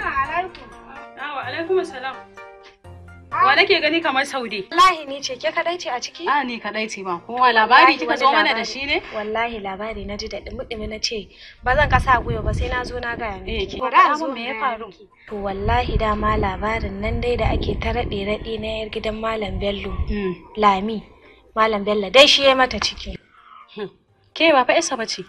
Assalamu alaikum. Wa alaikum ah. Wa nake gani kamar Wallahi ni ce ke kadai ce a ciki? A ah, ni kadai ce labari kika zo mana da shi ne? Wallahi labari na ji da na ce ba zan kasa gwiwa ba sai na zo na miki. Eh, ki me ya faru? To wallahi dama labarin nan dai da ake ta raɗe raɗe na yar gidan Malam Bello. Hmm. Lami. Malam Bello dai shi ya mata ciki. Hmm. Ke ba fa isa bace.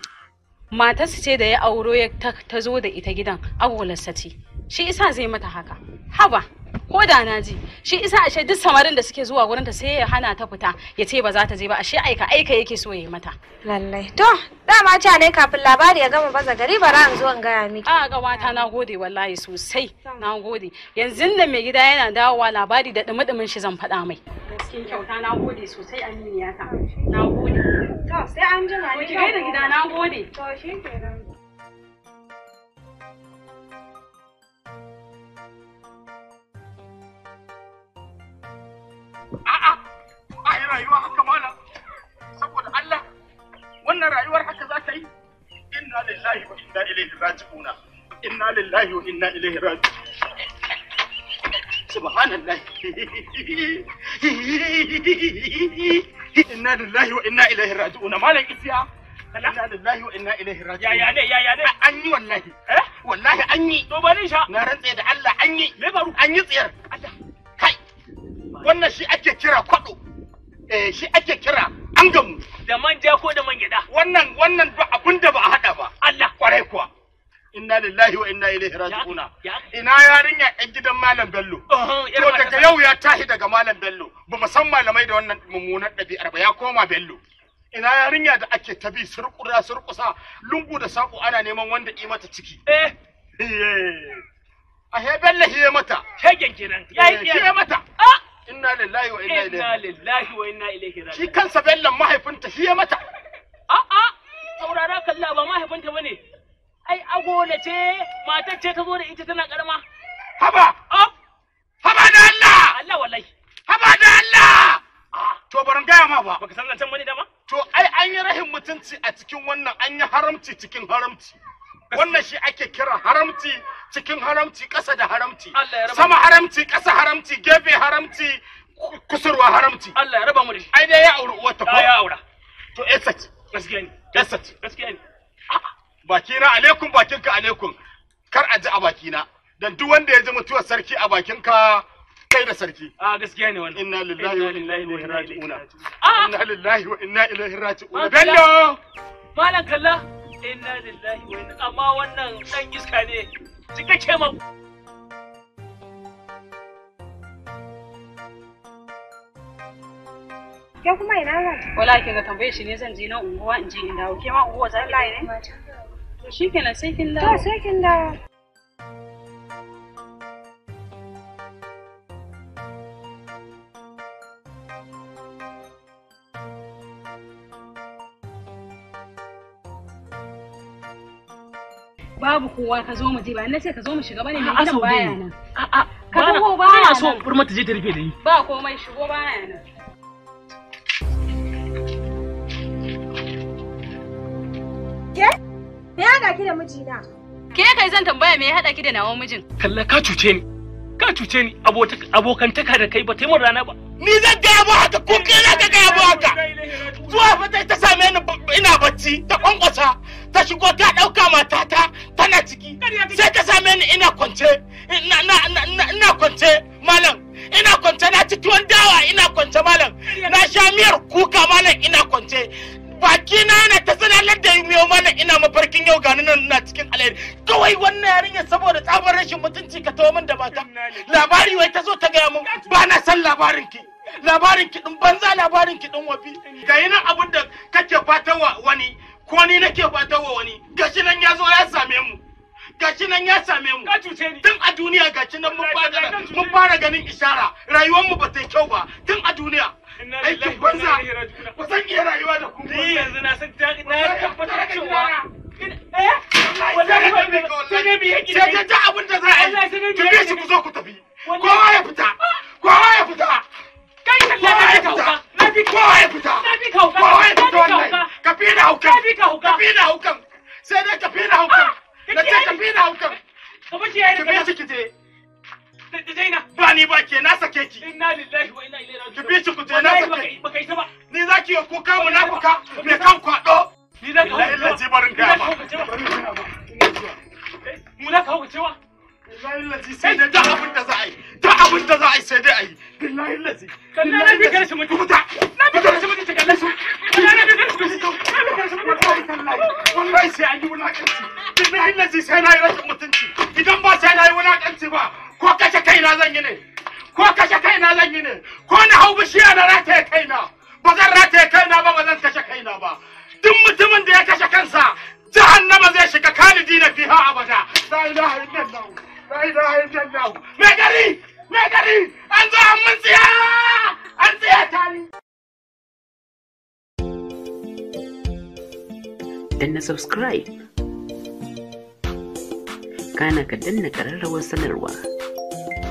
Matarsa ce da ya auro ya ta zo da ita gidan, agolarsa ce. shi isa zai mata haka haba ko da na ji shi isa ashe duk samarin da suke zuwa gurinta sai ya hana ta fita ya ce ba za ta je ba ashe aika aika yake so ya yi mata lallai to dama ca ne kafin labari ya gama baza gari bara an zo in gaya miki a ga wata na gode wallahi sosai na gode yanzu da mai gida yana dawowa labari da dumi-dumin shi zan faɗa mai gaskiya kyauta na gode sosai aminiya ta na gode to sai an jima ne ki gaida gida na gode to kenan a'a a yi rayuwa haka mana? saboda Allah wannan rayuwar haka za ta yi inna lillahi wa inna ilaihi raji'una inna lillahi wa inna ilaihi raji'un subhanallah inna lillahi wa inna ilaihi raji'una malam isiya inna lillahi wa inna ilaihi raji'un ya ne ya ne an yi wallahi eh? wallahi an yi to sha na rantse da Allah an yi an yi tsiyar wannan shi ake kira kwado eh shi ake kira angam da manja ko da man gyada wannan wannan ba da ba a hada ba Allah kwarai kuwa inna lillahi wa inna ilaihi raji'un ina yarinya ɗan gidan malam bello to daga yau ya tahi daga malam bello ba mu san malamai da wannan mummunan ɗabi'ar ba ya koma bello ina yarinya da ake tabi surƙura surƙusa lungu da saƙo ana neman wanda yi mata ciki eh, eh. a he hiye mata shegen kenan ya eh, mata inna lillahi wa inna ilaihi inna lillahi wa inna ilaihi raji'un shi kansa bellan mahaifinta shi ya mata a a saurara kalla ba mahaifinta bane ai agola ce matar ce ta zo da ita tana karama haba haba da Allah Allah wallahi haba da Allah to baran gaya ma ba baka san nan bane dama to ai an yi rahin mutunci a cikin wannan an yi haramci cikin haramci wannan shi ake kira haramci cikin haramci ƙasa da haramci sama haramci ƙasa haramci gefe haramci kusurwa haramci Allah ya raba mu da shi ai dai ya auri uwar ta ko ya aura to esat gaskiya ne esat gaskiya ne baki na alaikum bakin ka alaikum kar a ji a baki na dan duk wanda ya ji mutuwar sarki a bakin ka kai da sarki a gaskiya ne wannan inna lillahi wa inna ilaihi raji'un ah! inna lillahi wa inna ilaihi raji'un bello malam kalla inna lillahi wa inna amma wannan dan iska ne cikakke ma Ke kuma ina za ki? Wala kin ga tambaye shi ne zan je na unguwa in je in dawo. Ke ma unguwa zan laye ne? To sai kin babu kowa ka zo mu je ba na ce ka zo mu shiga bane mai gidan baya nan ka zo ba nan ba so burma ta je ta rufe da ni ba komai shigo baya na ke me ya ki da mijina ke kai zan tambaya me ya hada ki da nawa mijin kalla ka cuce ni ka cuce ni abokantaka da kai ba ta yi min rana ba ni zan gaya mu haka ko ke za ka gaya mu haka zuwa fata ta same ni ina bacci ta kwankwasa ta shigo ta dauka matata tana ciki sai ta same ni ina kwance ina kwance malam ina kwance na ci tuwon dawa ina kwance malam na sha miyar kuka malam ina kwance baki na yana ta sanalar da miyo malam ina mafarkin yau gani nan na cikin alheri kawai wannan yarinya saboda tsabar rashin mutunci ka tawo min da mata labari wai ta zo ta gaya mun ba na san labarin ki labarin kiɗin banza labarin kiɗin wafi ga yi nan abin da kake fata wa wani ko ni nake fata wa wani gashi nan ya zo ya same mu gashi nan ya same mu ka ni tun a duniya gashi nan mun fara mun fara ganin ishara rayuwar mu ba ta kyau ba tun a duniya aikin banza ba zan iya rayuwa da ku ni yanzu na san ta na tabbatar cewa eh wallahi sai ne biye ki sai ta abin da za a yi ki bi shi ku zo ku tafi kowa ya fita kowa ya fita kowa ya fita wannan ka fi na haukan ka fi na haukan sai dai ka fi na haukan ah, na ce ka fi na haukan ki bi shi je ba ni ba ke na sake ki inna lillahi wa inna ilaihi raji'un ki bi shi je na sake baka isa ba ni zaki yi kuka me kan kwado ni ka hauka ce barin ga ba eh, mu na ka cewa billahi lazi sai dai da abin da za a yi da abin da za a yi sai dai a yi na mutum ko na hau bishiya na rataye kaina ba zan rataye kaina ba ba zan kashe kaina ba duk mutumin da ya kashe kansa jahannama zai shiga khalidina fiha abada la ilaha illallah la ilaha illallah me gari me gari an zo an mun tsiya an tsiya tani danna subscribe kana ka danna kararrawar sanarwa